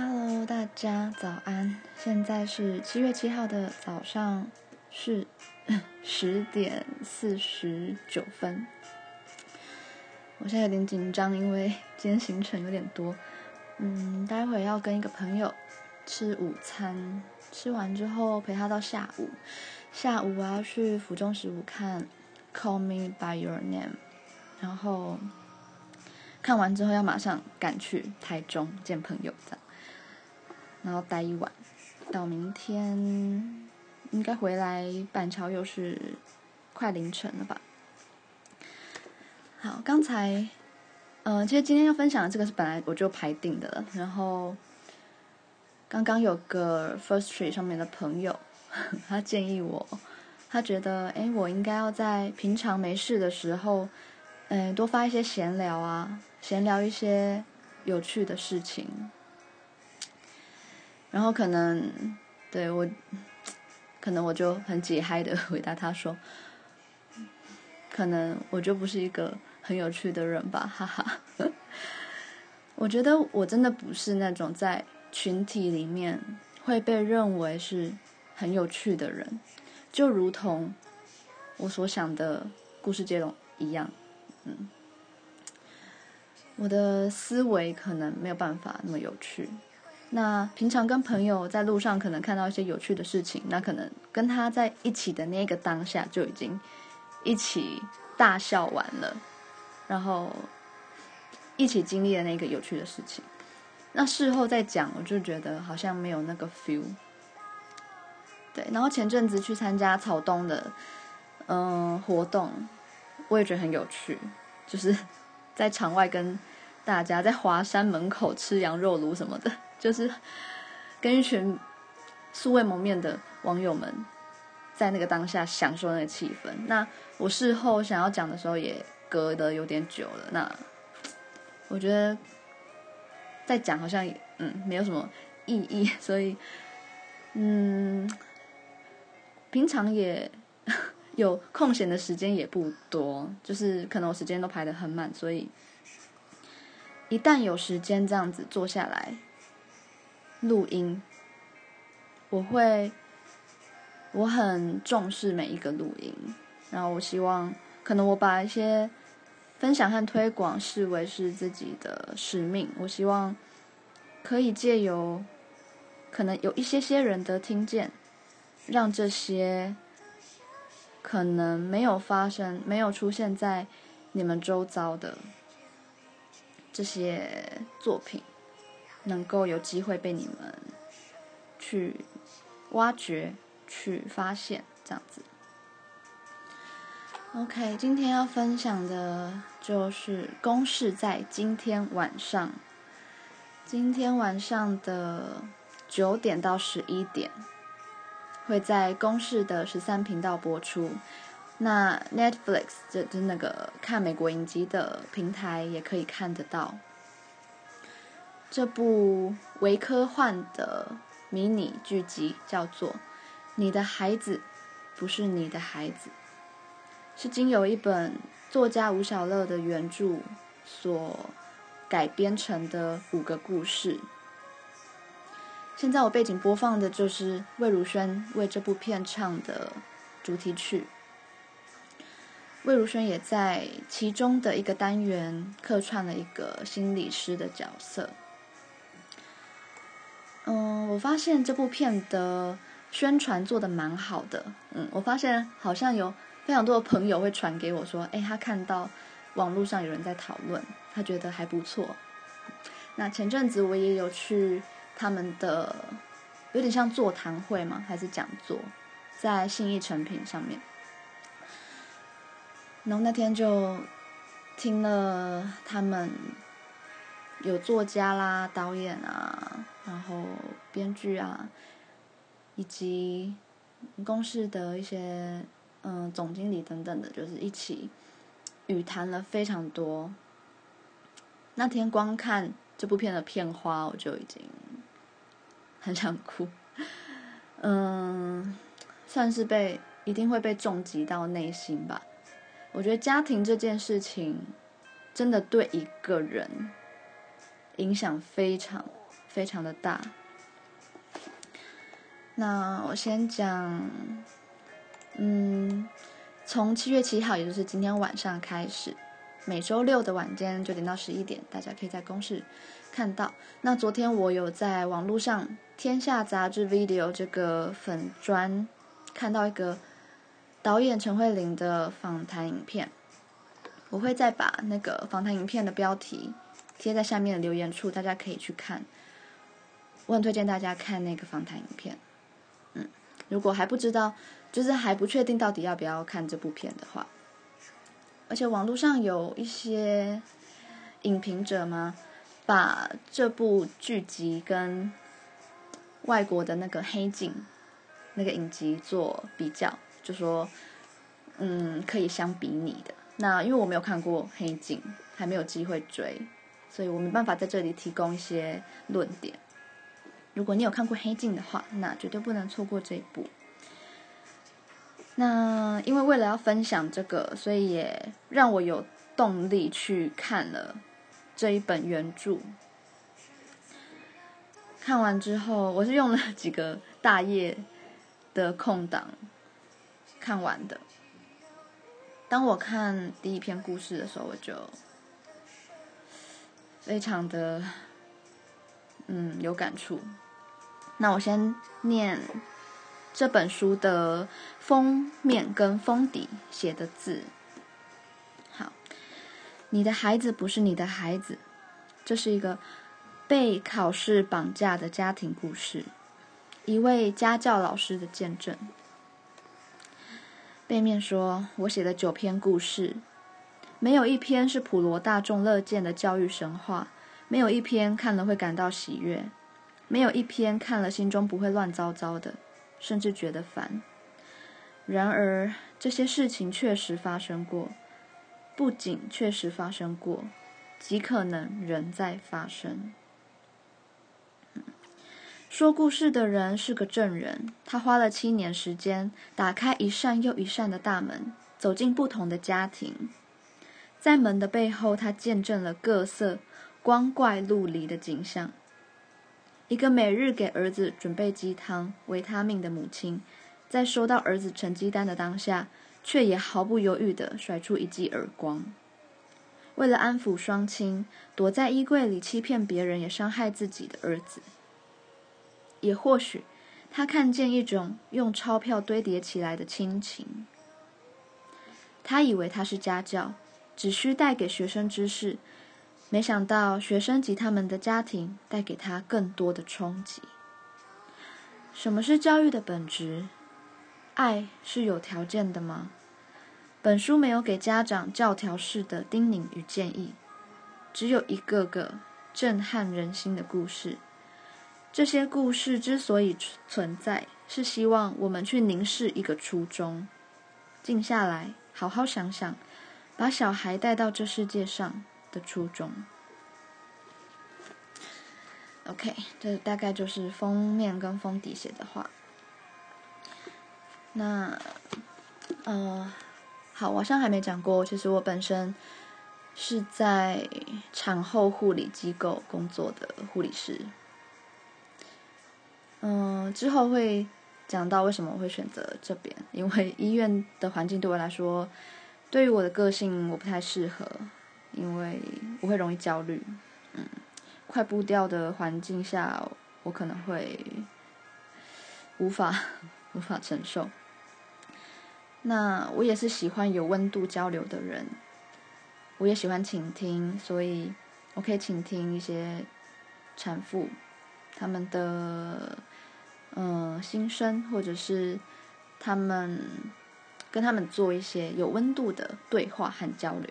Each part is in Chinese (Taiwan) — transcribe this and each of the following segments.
Hello，大家早安！現在是七月七號的早上，是十點四十九分。我現在有點緊張，因為今天行程有點多。嗯，待會兒要跟一個朋友吃午餐，吃完之後陪他到下午。下午我要去府中15看《Call Me By Your Name》，然後看完之後要馬上趕去台中見朋友，這樣。然後待一晚，到明天應該回來板橋，又是快凌晨了吧？好，剛才嗯、呃，其實今天要分享的這個是本來我就排定的了。然後剛剛有個 Firstory 上面的朋友，他建議我，他覺得哎，我應該要在平常沒事的時候，嗯，多發一些閒聊啊，閒聊一些有趣的事情。然後可能，對我，可能我就很解嗨的回答他說，可能我就不是一個很有趣的人吧，哈哈， 我覺得我真的不是那種在群體裡面會被認為是很有趣的人，就如同我所想的故事接龍一樣，嗯，我的思維可能沒有辦法那麼有趣。那平常跟朋友在路上可能看到一些有趣的事情，那可能跟他在一起的那個當下就已經一起大笑完了，然後一起經歷了那個有趣的事情。那事後再講，我就覺得好像沒有那個 feel。對，然後前陣子去參加草東的嗯活動，我也覺得很有趣，就是在場外跟大家在華山門口吃羊肉爐什麼的。就是跟一群素未謀面的網友們在那個當下享受那個氣氛。那我事後想要講的時候也隔得有點久了。那我覺得再講好像也嗯，沒有什麼意義，所以嗯，平常也有空閒的時間也不多，就是可能我時間都排得很滿，所以一旦有時間這樣子坐下來。錄音，我會，我很重視每一個錄音。然後我希望，可能我把一些分享和推廣視為是自己的使命。我希望可以借由，可能有一些些人的聽見，讓這些可能沒有發生、沒有出現在你們周遭的這些作品，能夠有機會被你們去挖掘、去發現，這樣子。OK，今天要分享的就是公視在今天晚上，今天晚上的九點到十一點，會在公視的十三頻道播出。那 Netflix 的的那個看美國影集的平台也可以看得到。這部偽科幻的迷你劇集叫做《你的孩子不是你的孩子》，是經由一本作家吳曉樂的原著所改編成的五個故事。現在我背景播放的就是魏如萱為這部片唱的主題曲。魏如萱也在其中的一個單元客串了一個心理師的角色。嗯，我發現這部片的宣傳做得蠻好的。嗯，我發現好像有非常多的朋友會傳給我說，哎，他看到網絡上有人在討論，他覺得還不錯。那前陣子我也有去他們的，有點像座談會嗎？還是講座？在信義誠品上面。然後那天就聽了他們。有作家啦、導演啊，然後編劇啊，以及公司的一些嗯總經理等等的，就是一起，語談了非常多。那天光看這部片的片花，我就已經很想哭，嗯，算是被一定會被重擊到內心吧。我覺得家庭這件事情，真的對一個人，影響非常，非常的大。那我先講，嗯，從七月七號，也就是今天晚上開始，每周六的晚間九點到十一點，大家可以在公視看到。那昨天我有在網絡上《天下雜誌 video》這個粉專看到一個導演陳慧翎的訪談影片，我會再把那個訪談影片的標題。貼在下面的留言處，大家可以去看。我很推薦大家看那個訪談影片，嗯，如果還不知道，就是還不確定到底要不要看這部片的話，而且網絡上有一些影評者嘛，把這部劇集跟外國的那個《黑鏡》那個影集做比較，就說嗯，可以相比擬的。那因為我沒有看過《黑鏡》，還沒有機會追。所以我沒辦法在這裡提供一些論點。如果你有看過《黑鏡》的話，那絕對不能錯過這一部。那因為為了要分享這個，所以也讓我有動力去看了這一本原著。看完之後，我是用了幾個大夜的空檔看完的。當我看第一篇故事的時候，我就。非常的，嗯，有感觸。那我先念這本書的封面跟封底寫的字。好，你的孩子不是你的孩子，這是一個被考試綁架的家庭故事，一位家教老師的見證。背面說：“我寫了九篇故事。”沒有一篇是普羅大眾樂見的教育神話，沒有一篇看了會感到喜悅，沒有一篇看了心中不會亂糟糟的，甚至覺得煩。然而，這些事情確實發生過，不僅確實發生過，極可能仍在發生。說故事的人是個證人，他花了七年時間，打開一扇又一扇的大門，走進不同的家庭。在門的背後，他見證了各色光怪陸離的景象。一個每日給兒子準備雞湯、維他命的母親，在收到兒子成績單的當下，卻也毫不猶豫地甩出一記耳光。為了安撫雙親，躲在衣櫃裡欺騙別人也傷害自己的兒子。也或許，他看見一種用鈔票堆疊起來的親情。他以為他是家教。只需帶給學生知識，沒想到學生及他們的家庭帶給他更多的衝擊。什麼是教育的本質？愛是有條件的嗎？本書沒有給家長教條式的叮嚀與建議，只有一個個震撼人心的故事。這些故事之所以存在，是希望我們去凝視一個初衷，靜下來，好好想想。把小孩帶到這世界上的初衷。OK，這大概就是封面跟封底寫的話。那，呃，好，我上還沒講過，其實我本身是在產後護理機構工作的護理師。嗯、呃，之後會講到為什麼我會選擇這邊，因為醫院的環境對我來說，對於我的個性，我不太適合，因為我會容易焦慮。嗯，快步調的環境下，我可能會無法無法承受。那我也是喜歡有溫度交流的人，我也喜歡傾聽，所以我可以傾聽一些產婦他們的嗯、呃、心聲，或者是他們。跟他們做一些有溫度的對話和交流。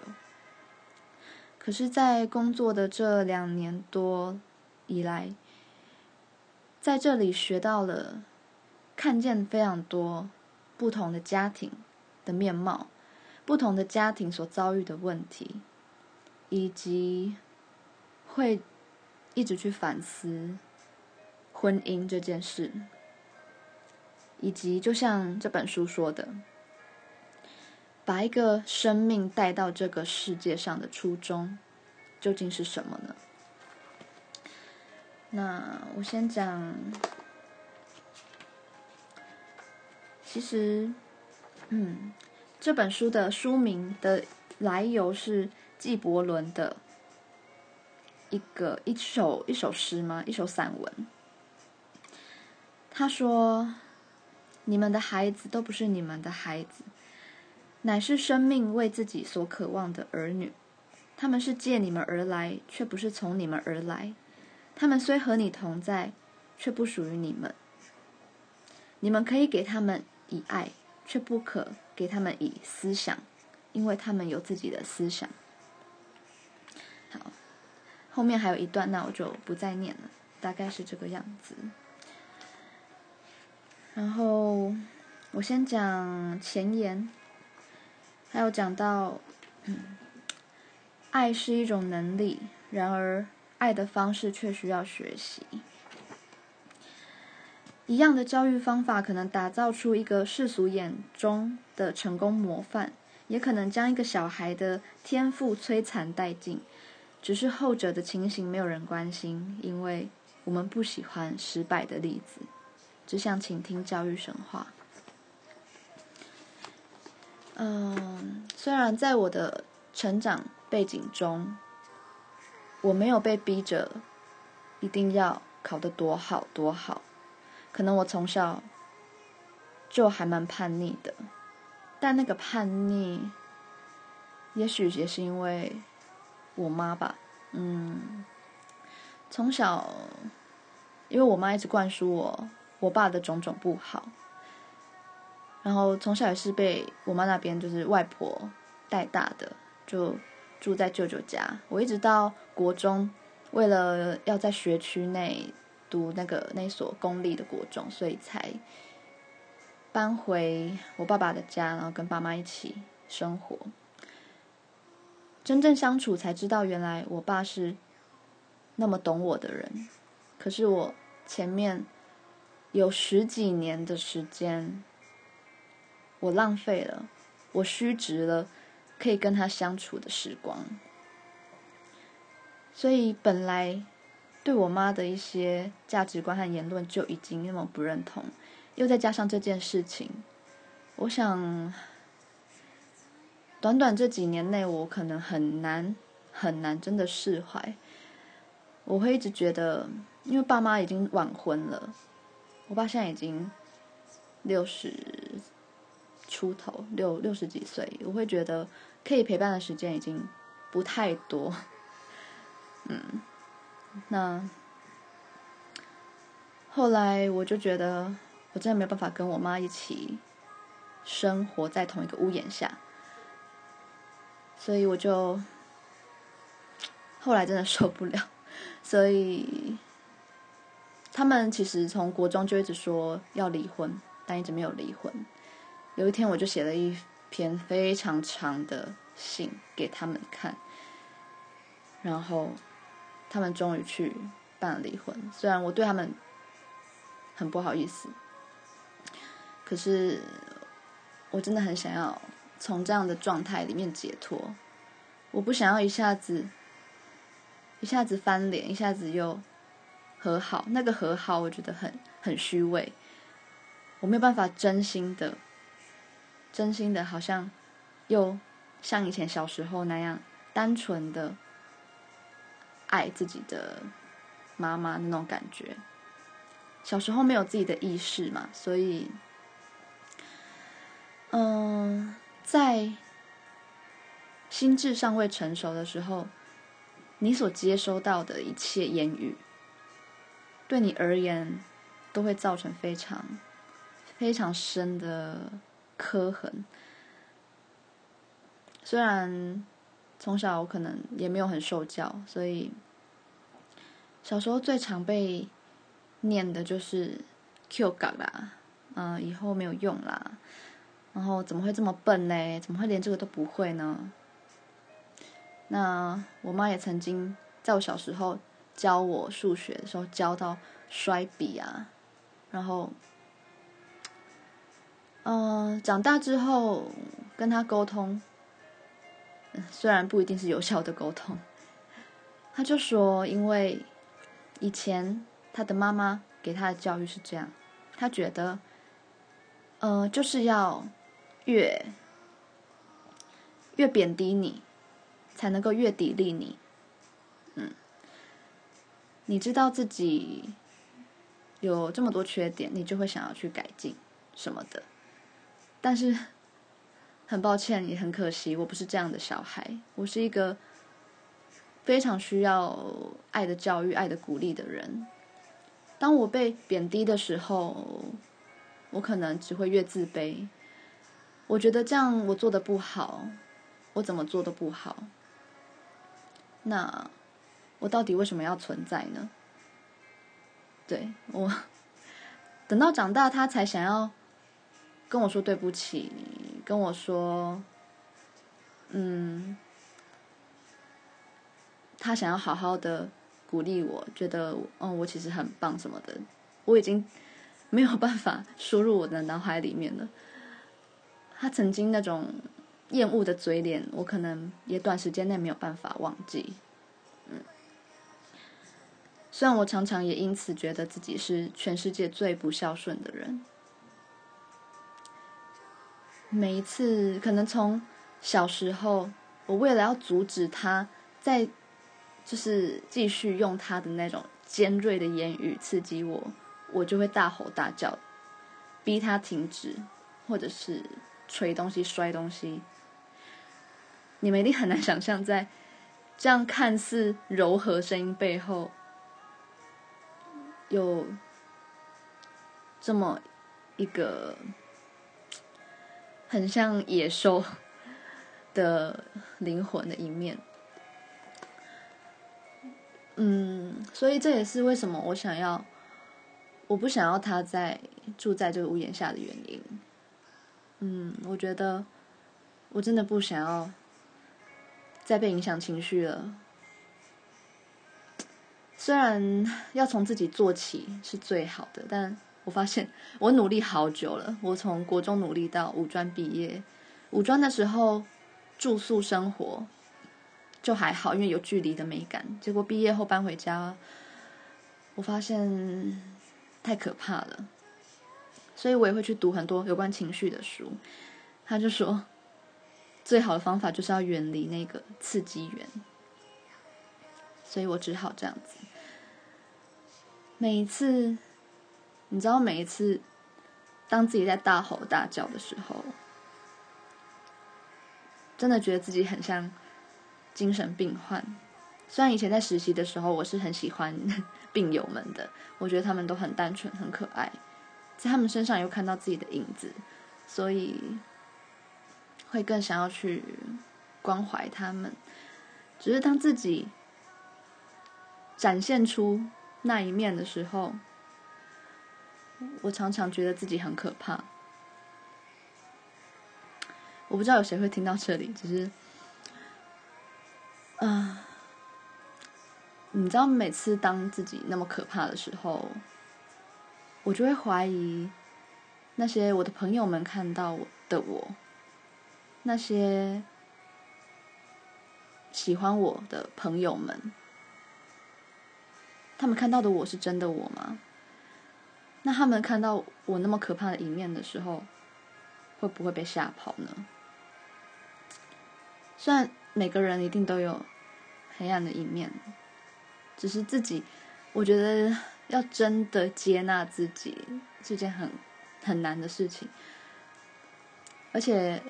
可是，在工作的這兩年多以來，在這裡學到了，看見非常多不同的家庭的面貌，不同的家庭所遭遇的問題，以及會一直去反思婚姻這件事，以及就像這本書說的。把一個生命帶到這個世界上的初衷，究竟是什麼呢？那我先講，其實，嗯，這本書的書名的來由是紀伯倫的一，一個一首一首詩嗎？一首散文。他說：“你們的孩子都不是你們的孩子。”乃是生命為自己所渴望的兒女，他們是借你們而來，卻不是從你們而來。他們雖和你同在，卻不屬於你們。你們可以給他們以愛，卻不可給他們以思想，因為他們有自己的思想。好，後面還有一段，那我就不再念了，大概是這個樣子。然後我先講前言。還有講到，嗯，愛是一種能力，然而愛的方式卻需要學習。一樣的教育方法，可能打造出一個世俗眼中的成功模範，也可能將一個小孩的天賦摧殘殆盡。只是後者的情形沒有人關心，因為我們不喜歡失敗的例子，只想傾聽教育神話。嗯，雖然在我的成長背景中，我沒有被逼着一定要考得多好多好，可能我從小就還蠻叛逆的，但那個叛逆，也許也是因為我媽吧，嗯，從小，因為我媽一直灌輸我，我爸的種種不好。然後從小也是被我媽那邊就是外婆帶大的，就住在舅舅家。我一直到國中，為了要在學區內讀那個那所公立的國中，所以才搬回我爸爸的家，然後跟爸媽一起生活。真正相處才知道，原來我爸是那麼懂我的人。可是我前面有十幾年的時間。我浪費了，我虛擲了，可以跟他相處的時光。所以本來對我媽的一些價值觀和言論就已經那麼不認同，又再加上這件事情，我想短短這幾年內，我可能很難很難真的釋懷。我會一直覺得，因為爸媽已經晚婚了，我爸現在已經六十。出頭六六十幾歲，我會覺得可以陪伴的時間已經不太多。嗯，那後來我就覺得我真的沒有辦法跟我媽一起生活在同一個屋檐下，所以我就後來真的受不了。所以他們其實從國中就一直說要離婚，但一直沒有離婚。有一天，我就寫了一篇非常長的信給他們看，然後他們終於去辦了離婚。雖然我對他們很不好意思，可是我真的很想要從這樣的狀態裡面解脫。我不想要一下子一下子翻臉，一下子又和好。那個和好，我覺得很很虛偽，我沒有辦法真心的。真心的，好像又像以前小時候那樣單純的愛自己的媽媽那種感覺。小時候沒有自己的意識嘛，所以，嗯，在心智尚未成熟的時候，你所接收到的一切言語，對你而言都會造成非常非常深的。磕痕。雖然從小我可能也沒有很受教，所以小時候最常被念的就是 Q 港啦，嗯，以後沒有用啦。然後怎麼會這麼笨呢？怎麼會連這個都不會呢？那我媽也曾經在我小時候教我數學的時候教到摔筆啊，然後。嗯、呃，長大之後跟他溝通、嗯，雖然不一定是有效的溝通，他就說，因為以前他的媽媽給他的教育是這樣，他覺得，嗯、呃，就是要越越貶低你，才能夠越砥礪你。嗯，你知道自己有這麼多缺點，你就會想要去改進什麼的。但是，很抱歉，也很可惜，我不是這樣的小孩。我是一個非常需要愛的教育、愛的鼓勵的人。當我被貶低的時候，我可能只會越自卑。我覺得這樣我做的不好，我怎麼做都不好。那我到底為什麼要存在呢？對，我等到長大，他才想要。跟我說對不起，跟我說，嗯，他想要好好的鼓勵我，覺得哦，我其實很棒什麼的，我已經沒有辦法輸入我的腦海裡面了。他曾經那種厭惡的嘴臉，我可能也短時間內沒有辦法忘記。嗯，雖然我常常也因此覺得自己是全世界最不孝順的人。每一次，可能從小時候，我為了要阻止他，再就是繼續用他的那種尖銳的言語刺激我，我就會大吼大叫，逼他停止，或者是捶東西、摔東西。你們一定很難想象，在這樣看似柔和聲音背後，有這麼一個。很像野獸的靈魂的一面，嗯，所以這也是為什麼我想要，我不想要他在住在這個屋檐下的原因，嗯，我覺得我真的不想要再被影響情緒了，雖然要從自己做起是最好的，但。我發現我努力好久了，我從國中努力到五專畢業，五專的時候住宿生活就還好，因為有距離的美感。結果畢業後搬回家，我發現太可怕了，所以我也會去讀很多有關情緒的書。他就說，最好的方法就是要遠離那個刺激源，所以我只好這樣子，每一次。你知道，每一次當自己在大吼大叫的時候，真的覺得自己很像精神病患。雖然以前在實習的時候，我是很喜歡 病友們的，我覺得他們都很單純、很可愛，在他們身上又看到自己的影子，所以會更想要去關懷他們。只是當自己展現出那一面的時候。我常常覺得自己很可怕，我不知道有誰會聽到這裡。只是，啊、呃，你知道，每次當自己那麼可怕的時候，我就會懷疑那些我的朋友們看到我的我，那些喜歡我的朋友們，他們看到的我是真的我嗎？那他們看到我那麼可怕的一面的時候，會不會被嚇跑呢？雖然每個人一定都有黑暗的一面，只是自己，我覺得要真的接納自己是件很很難的事情。而且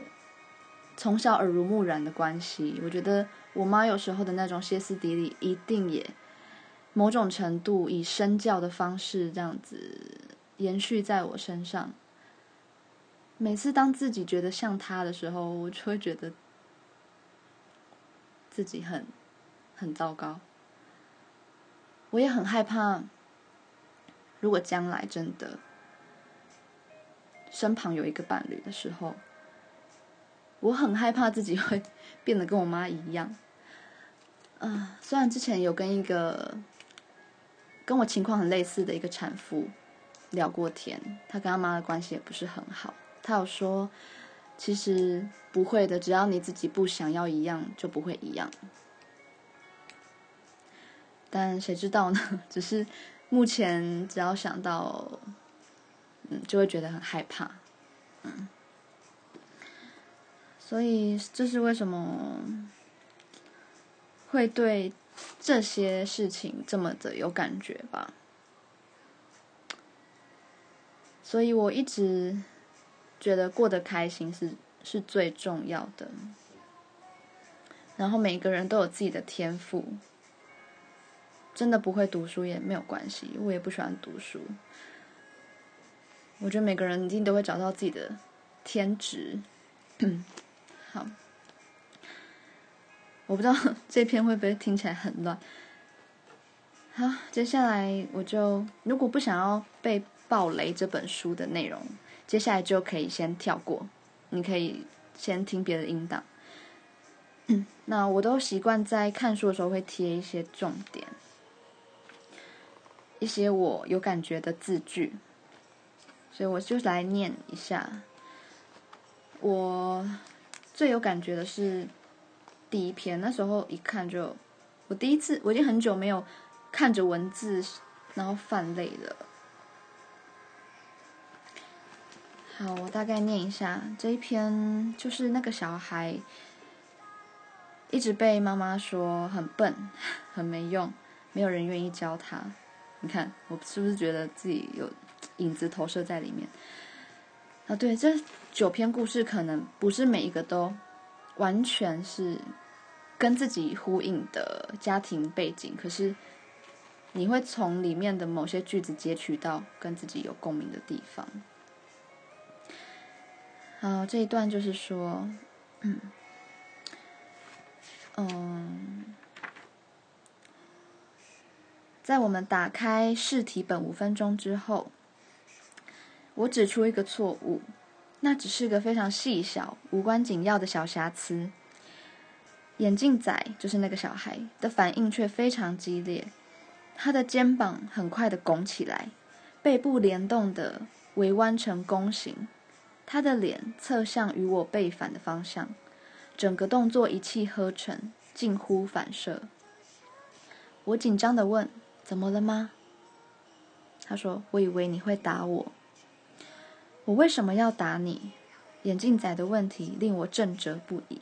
從小耳濡目染的關係，我覺得我媽有時候的那種歇斯底里，一定也。某種程度以身教的方式，這樣子延續在我身上。每次當自己覺得像他的時候，我就會覺得自己很很糟糕。我也很害怕，如果將來真的身旁有一個伴侶的時候，我很害怕自己會變得跟我媽一樣。呃，啊，雖然之前有跟一個。跟我情況很類似的一個產婦聊過天，她跟她媽的關係也不是很好。她有說：“其實不會的，只要你自己不想要一樣，就不會一樣。”但誰知道呢？只是目前，只要想到，嗯，就會覺得很害怕，嗯。所以這是為什麼會對這些事情這麼的有感覺吧，所以我一直覺得過得開心是是最重要的。然後每個人都有自己的天賦，真的不會讀書也沒有關係，我也不喜歡讀書。我覺得每個人一定都會找到自己的天職。 好。我不知道這篇會不會聽起來很亂？好，接下來我就，如果不想要被暴雷這本書的內容，接下來就可以先跳過。你可以先聽別的音檔。嗯，那我都習慣在看書的時候會貼一些重點，一些我有感覺的字句，所以我就來念一下。我最有感覺的是。第一篇，那時候一看就，我第一次，我已經很久沒有看着文字然後泛淚了。好，我大概念一下這一篇，就是那個小孩一直被媽媽說很笨、很沒用，沒有人願意教他。你看，我是不是覺得自己有影子投射在裡面？啊，對，這九篇故事可能不是每一個都。完全是跟自己呼應的家庭背景，可是你會從裡面的某些句子截取到跟自己有共鳴的地方。好，這一段就是說，嗯，在我們打開試題本五分鐘之後，我指出一個錯誤。那只是個非常細小、無關緊要的小瑕疵。眼鏡仔就是那個小孩的反應卻非常激烈，他的肩膀很快的拱起來，背部連動的微彎成弓形，他的臉側向與我背反的方向，整個動作一氣呵成，近乎反射。我緊張的問：“怎麼了嗎？”他說：“我以為你會打我。”我為什麼要打你？眼鏡仔的問題令我震懾不已。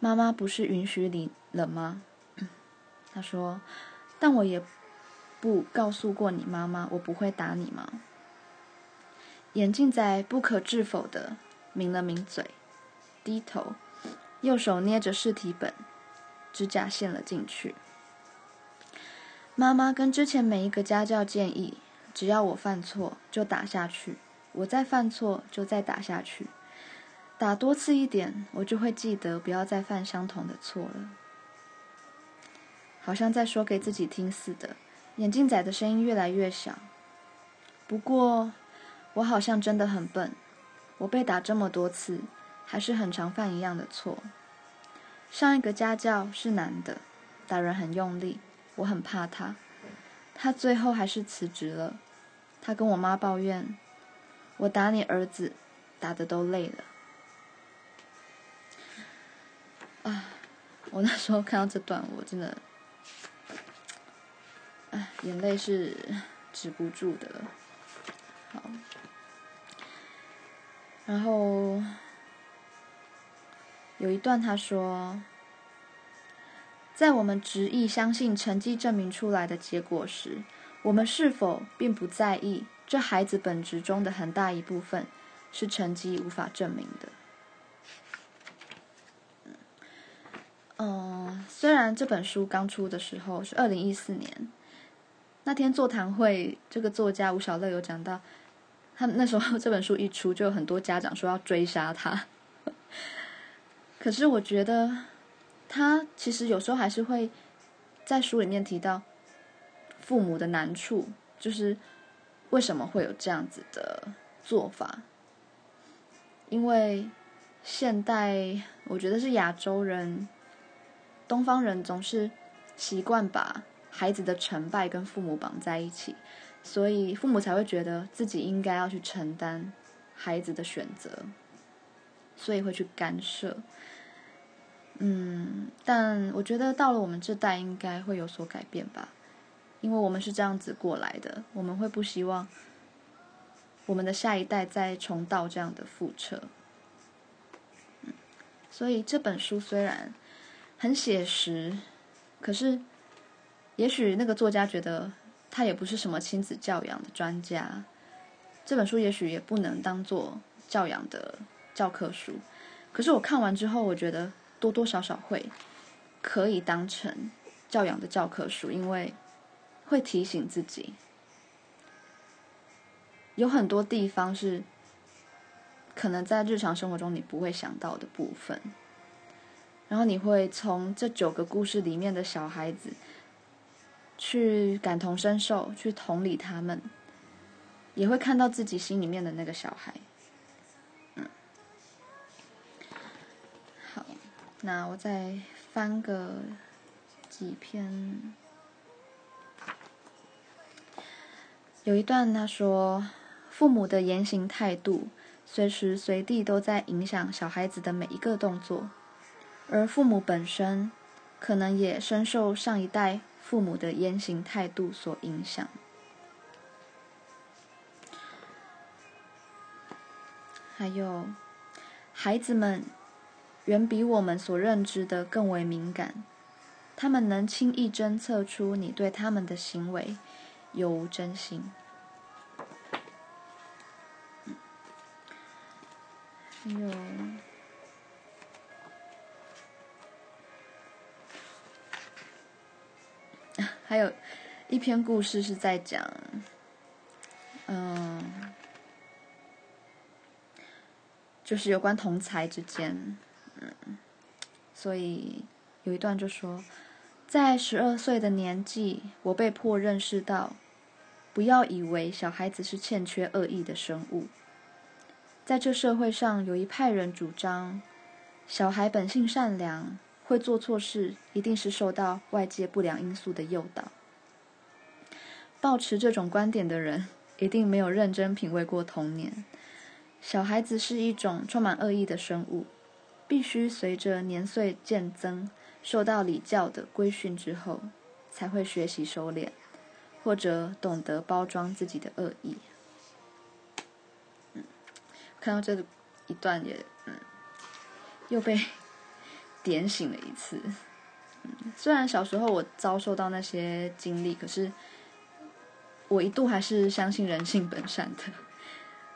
媽媽不是允許你了嗎？他說：“但我也不告訴過你媽媽，我不會打你嗎？”眼鏡仔不可置否地抿了抿嘴，低頭，右手捏着試題本，指甲陷了進去。媽媽跟之前每一個家教建議，只要我犯錯就打下去。我再犯錯，就再打下去，打多次一點，我就會記得不要再犯相同的錯了。好像在說給自己聽似的。眼鏡仔的聲音越來越小。不過，我好像真的很笨，我被打這麼多次，還是很常犯一樣的錯。上一個家教是男的，打人很用力，我很怕他。他最後還是辭職了。他跟我媽抱怨。我打你兒子，打得都累了。啊，我那時候看到這段，我真的，唉、啊，眼淚是止不住的。好，然後有一段他說，在我們執意相信成績證明出來的結果時，我們是否並不在意？這孩子本質中的很大一部分是成績無法證明的。嗯、uh,，雖然這本書剛出的時候是二零一四年，那天座談會這個作家吳曉樂有講到，他那時候這本書一出就有很多家長說要追殺他。 可是我覺得他其實有時候還是會在書裡面提到父母的難處，就是。為什麼會有這樣子的做法？因為現代我覺得是亞洲人、東方人總是習慣把孩子的成敗跟父母綁在一起，所以父母才會覺得自己應該要去承擔孩子的選擇，所以會去干涉。嗯，但我覺得到了我們這代應該會有所改變吧。因為我們是這樣子過來的，我們會不希望我們的下一代再重蹈這樣的覆轍。嗯，所以這本書雖然很寫實，可是也許那個作家覺得他也不是什麼親子教養的專家，這本書也許也不能當做教養的教科書。可是我看完之後，我覺得多多少少會可以當成教養的教科書，因為。會提醒自己，有很多地方是可能在日常生活中你不會想到的部分。然後你會從這九個故事裡面的小孩子去感同身受，去同理他們，也會看到自己心裡面的那個小孩。嗯，好，那我再翻個幾篇。有一段他說：“父母的言行態度，隨時隨地都在影響小孩子的每一個動作，而父母本身，可能也深受上一代父母的言行態度所影響。”還有，孩子們遠比我們所認知的更為敏感，他們能輕易偵測出你對他們的行為有無真心。還有，還有一篇故事是在講，嗯，就是有關同才之間，所以有一段就說，在十二歲的年紀，我被迫認識到。不要以為小孩子是欠缺惡意的生物。在這社會上，有一派人主張，小孩本性善良，會做錯事一定是受到外界不良因素的誘導。抱持這種觀點的人，一定沒有認真品味過童年。小孩子是一種充滿惡意的生物，必須隨着年歲漸增，受到禮教的規訓之後，才會學習收斂。或者懂得包裝自己的惡意、嗯，看到這一段也，嗯，又被 點醒了一次、嗯。雖然小時候我遭受到那些經歷，可是我一度還是相信人性本善的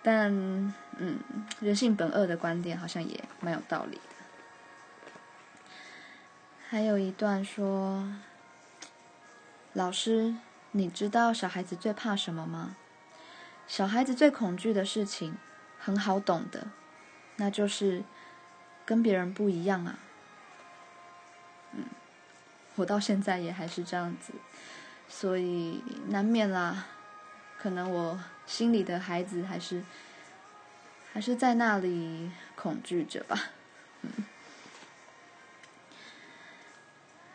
但，但嗯，人性本惡的觀點好像也蠻有道理的。還有一段說，老師。你知道小孩子最怕什麼嗎？小孩子最恐懼的事情，很好懂的，那就是跟別人不一樣啊。嗯，我到現在也還是這樣子，所以難免啦。可能我心裡的孩子還是還是在那裡恐懼着吧。嗯。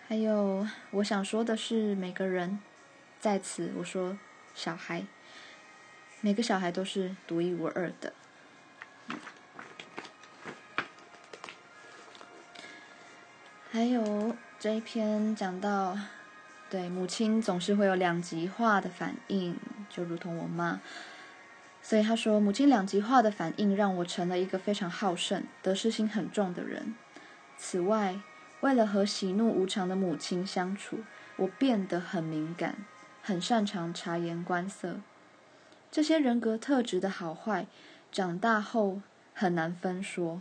還有，我想說的是每個人。在此，我說，小孩，每個小孩都是獨一無二的。嗯、還有這一篇講到，對母親總是會有兩極化的反應，就如同我媽，所以她說，母親兩極化的反應讓我成了一個非常好勝、得失心很重的人。此外，為了和喜怒無常的母親相處，我變得很敏感。很擅長察言觀色，這些人格特質的好壞，長大後很難分說。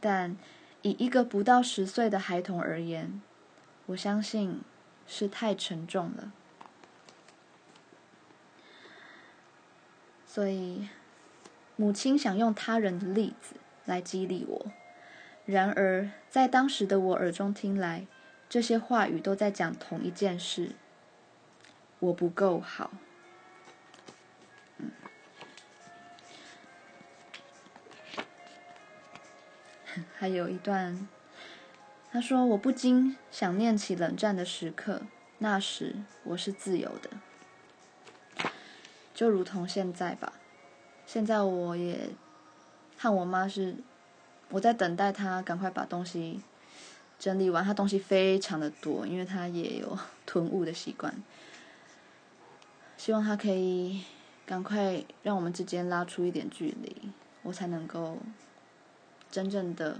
但以一個不到十歲的孩童而言，我相信是太沉重了。所以，母親想用他人的例子來激勵我。然而，在當時的我耳中聽來，這些話語都在講同一件事。我不夠好，嗯，還有一段，他說我不禁想念起冷戰的時刻，那時我是自由的，就如同現在吧。現在我也和我媽是，我在等待她趕快把東西整理完，她東西非常的多，因為她也有囤物的習慣。希望他可以趕快讓我們之間拉出一點距離，我才能夠真正的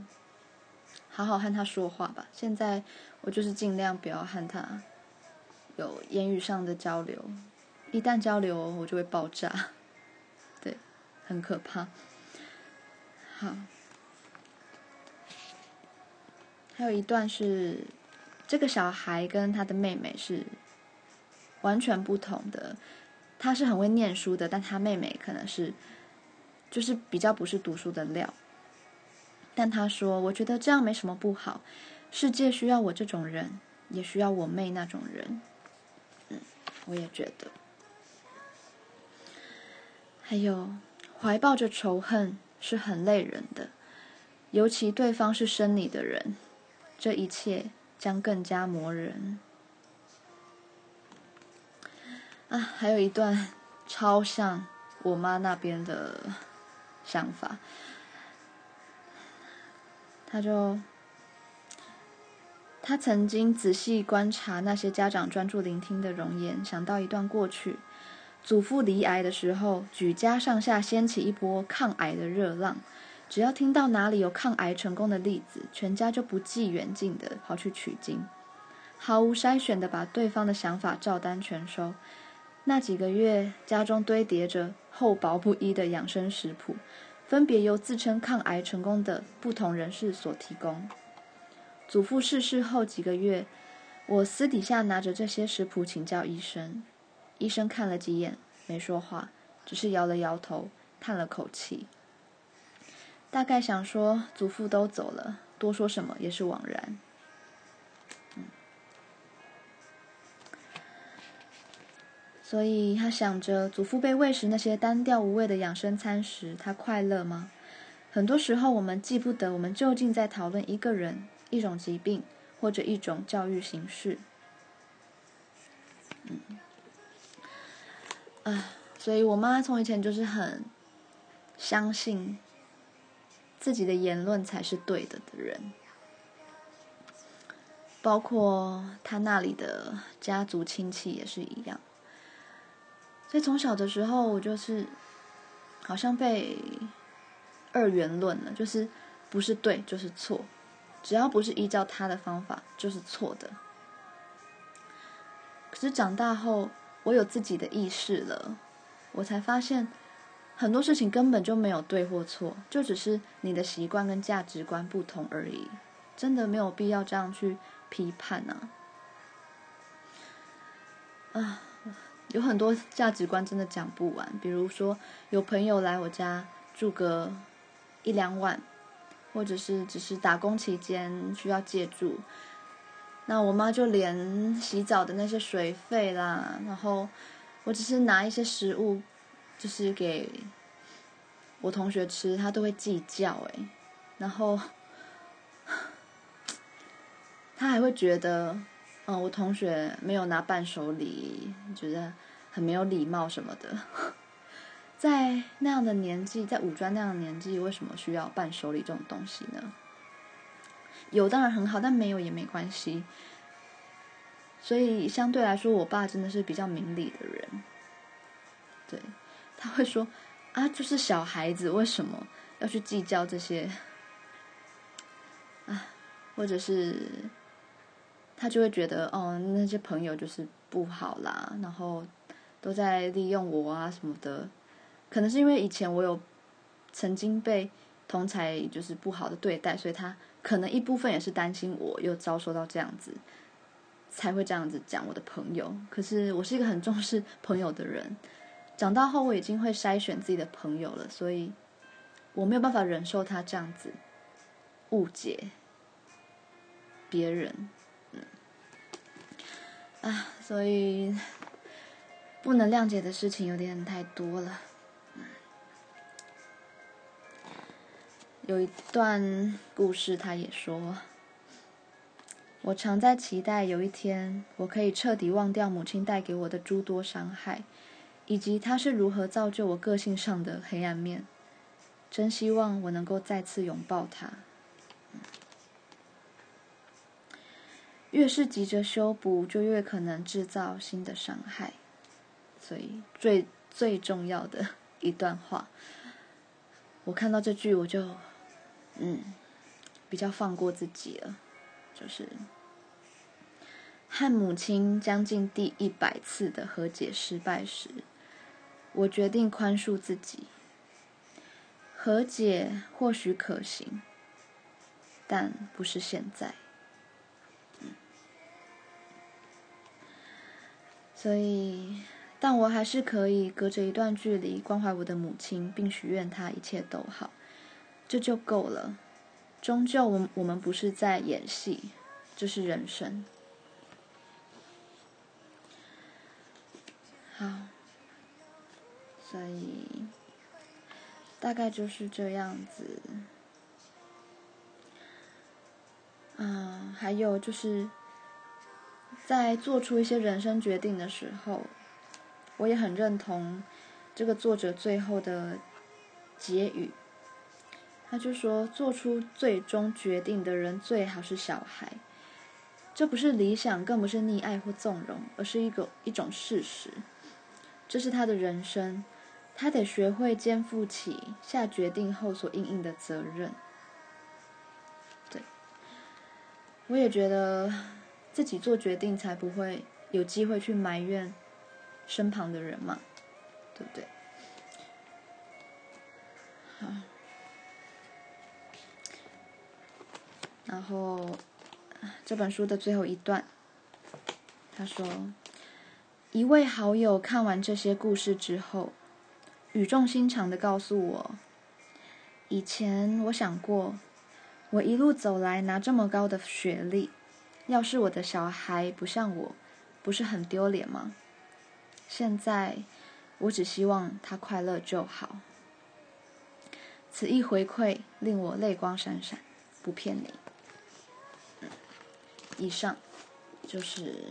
好好和他說話吧。現在我就是盡量不要和他有言語上的交流，一旦交流我就會爆炸，對，很可怕。好，還有一段是這個小孩跟他的妹妹是。完全不同的，他是很會念書的，但他妹妹可能是，就是比較不是讀書的料。但他說：“我覺得這樣沒什麼不好，世界需要我這種人，也需要我妹那種人。”嗯，我也覺得。還有，懷抱着仇恨是很累人的，尤其對方是生你的人，這一切將更加磨人。啊，還有一段超像我媽那邊的想法。他就他曾經仔細觀察那些家長專注聆聽的容顏，想到一段過去，祖父罹癌的時候，舉家上下掀起一波抗癌的熱浪。只要聽到哪裡有抗癌成功的例子，全家就不計遠近的跑去取經，毫無篩選的把對方的想法照單全收。那幾個月，家中堆疊着厚薄不一的養生食譜，分別由自稱抗癌成功的不同人士所提供。祖父逝世後幾個月，我私底下拿着這些食譜請教醫生，醫生看了幾眼，沒說話，只是搖了搖頭，嘆了口氣，大概想說祖父都走了，多說什麼也是枉然。所以他想着，祖父被餵食那些單調無味的養生餐食，他快樂嗎？很多時候，我們記不得我們究竟在討論一個人、一種疾病，或者一種教育形式。啊、嗯呃，所以我媽媽從以前就是很相信自己的言論才是對的的人，包括她那裡的家族親戚也是一樣。所以從小的時候，我就是好像被二元論了，就是不是對就是錯，只要不是依照他的方法就是錯的。可是長大後，我有自己的意識了，我才發現很多事情根本就沒有對或錯，就只是你的習慣跟價值觀不同而已，真的沒有必要這樣去批判呢、啊。啊。有很多價值觀真的講不完，比如說有朋友來我家住個一兩晚，或者是只是打工期間需要借住，那我媽就連洗澡的那些水費啦，然後我只是拿一些食物，就是給我同學吃，她都會計較哎、欸，然後她還會覺得。我同學沒有拿伴手禮，覺得很沒有禮貌什麼的。 在那樣的年紀，在五專那樣的年紀，為什麼需要伴手禮這種東西呢？有當然很好，但沒有也沒關係。所以相對來說，我爸真的是比較明理的人。對，他會說啊，就是小孩子，為什麼要去計較這些？啊，或者是。他就會覺得，哦，那些朋友就是不好啦，然後都在利用我啊什麼的。可能是因為以前我有曾經被同儕，就是不好的對待，所以他可能一部分也是擔心我又遭受到這樣子，才會這樣子講我的朋友。可是我是一個很重視朋友的人，長大後我已經會篩選自己的朋友了，所以我沒有辦法忍受他這樣子誤解別人。啊，所以不能諒解的事情有點太多了。有一段故事，他也說：“我常在期待有一天，我可以徹底忘掉母親帶給我的諸多傷害，以及她是如何造就我個性上的黑暗面。真希望我能夠再次擁抱她。”越是急着修補，就越可能製造新的傷害。所以，最最重要的一段話，我看到這句，我就，嗯，比較放過自己了。就是，和母親將近第一百次的和解失敗時，我決定寬恕自己。和解或許可行，但不是現在。所以，但我還是可以隔着一段距離關懷我的母親，並許願她一切都好，這就夠了。終究，我我們不是在演戲，這是人生。好，所以大概就是這樣子。嗯，還有就是。在做出一些人生決定的時候，我也很認同這個作者最後的結語。他就說，做出最終決定的人最好是小孩，這不是理想，更不是溺愛或縱容，而是一種一種事實。這是他的人生，他得學會肩負起下決定後所應盡的責任。對，我也覺得。自己做決定，才不會有機會去埋怨身旁的人嘛，對不對？好，然後這本書的最後一段，他說：“一位好友看完這些故事之後，語重心長的告訴我，以前我想過，我一路走來拿這麼高的學歷。”要是我的小孩不像我，不是很丟臉嗎？現在，我只希望他快樂就好。此一回饋令我淚光閃閃，不騙你。以上，就是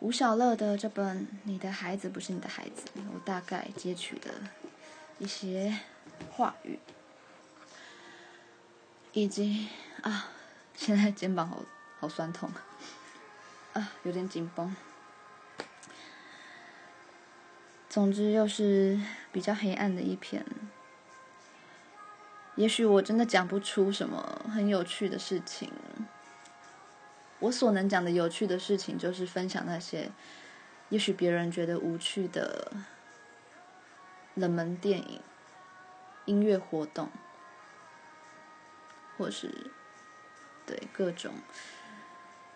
吳曉樂的這本《你的孩子不是你的孩子》，我大概截取的一些話語，以及啊，現在肩膀好。好酸痛，啊，有點緊繃。總之又是比較黑暗的一篇。也許我真的講不出什麼很有趣的事情。我所能講的有趣的事情，就是分享那些也許別人覺得無趣的冷門電影、音樂活動，或是，對，各種。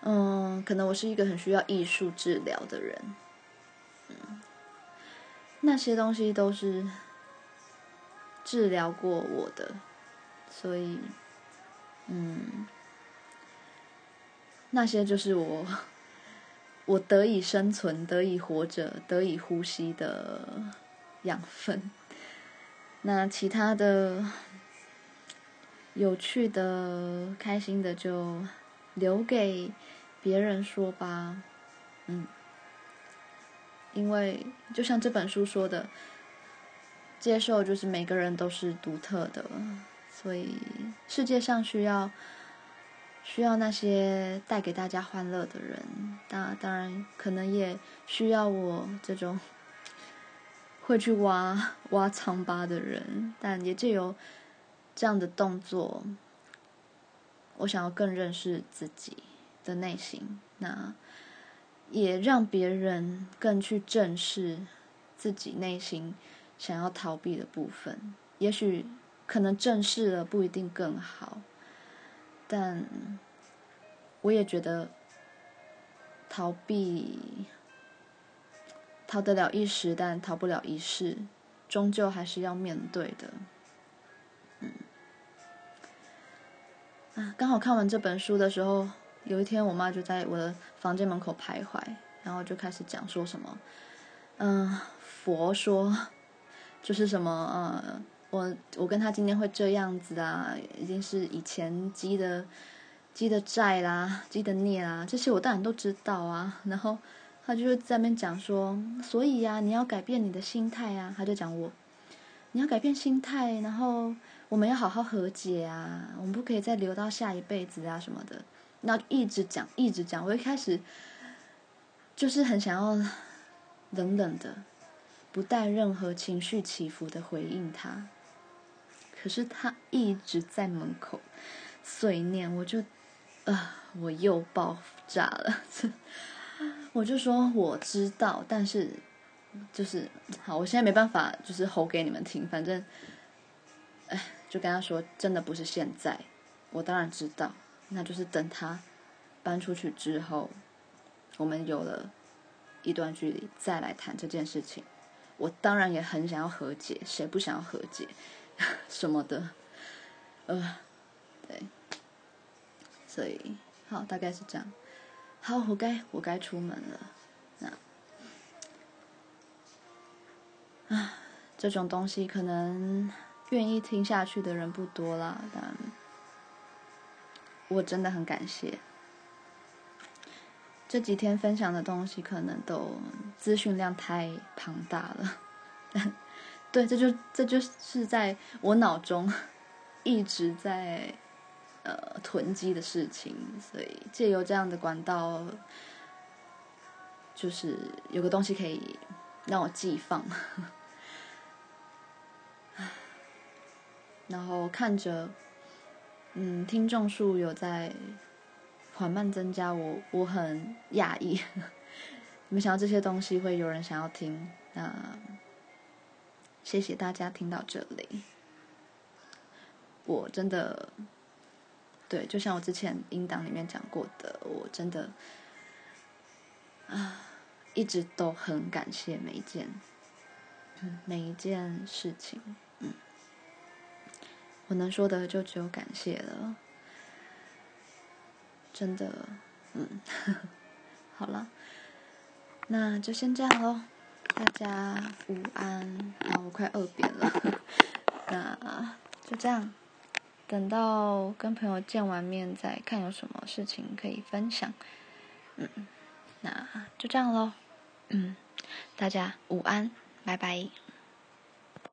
嗯，可能我是一個很需要藝術治療的人，嗯，那些東西都是治療過我的，所以，嗯，那些就是我我得以生存、得以活着、得以呼吸的養分。那其他的有趣的、開心的，就留給。別人說吧，嗯，因為就像這本書說的，接受就是每個人都是獨特的，所以世界上需要需要那些帶給大家歡樂的人，但當然可能也需要我這種會去挖挖瘡疤的人，但也借由這樣的動作，我想要更認識自己的內心，那也讓別人更去正視自己內心想要逃避的部分。也許可能正視了不一定更好，但我也覺得逃避逃得了一時，但逃不了一世，終究還是要面對的。嗯，啊，剛好看完這本書的時候。有一天，我媽就在我的房間門口徘徊，然後就開始講說什麼，嗯，佛說，就是什麼呃、嗯，我我跟他今天會這樣子啊，已經是以前積的積的債啦，積的孽啦，這些我當然都知道啊。然後他就是在那邊講說，所以呀、啊，你要改變你的心態呀、啊，他就講我，你要改變心態，然後我們要好好和解啊，我們不可以再留到下一輩子啊什麼的。那一直講，一直講。我一開始就是很想要冷冷的，不帶任何情緒起伏的回應他。可是他一直在門口碎念，我就啊、呃，我又爆炸了。 我就說我知道，但是就是好，我現在沒辦法，就是吼給你們聽。反正哎，就跟他說，真的不是現在。我當然知道。那就是等他搬出去之後，我們有了一段距離，再來談這件事情。我當然也很想要和解，誰不想要和解？什麼的，呃，對，所以，好，大概是這樣。好，我該我該出門了。那，啊，這種東西可能願意聽下去的人不多啦，但。我真的很感謝這幾天分享的東西，可能都資訊量太龐大了。對，這就這就是在我腦中一直在呃囤積的事情，所以借由這樣的管道，就是有個東西可以讓我寄放，然後看着。嗯，聽眾數有在緩慢增加，我我很訝異，沒 想到這些東西會有人想要聽。那謝謝大家聽到這裡，我真的，對，就像我之前音檔裡面講過的，我真的啊，一直都很感謝每一件，嗯，每一件事情。我能說的就只有感謝了，真的，嗯，呵呵，好了，那就先這樣嘍，大家午安，好，我快餓扁了，那就這樣，等到跟朋友見完面再看有什麼事情可以分享，嗯，那就這樣嘍，嗯，大家午安，拜拜。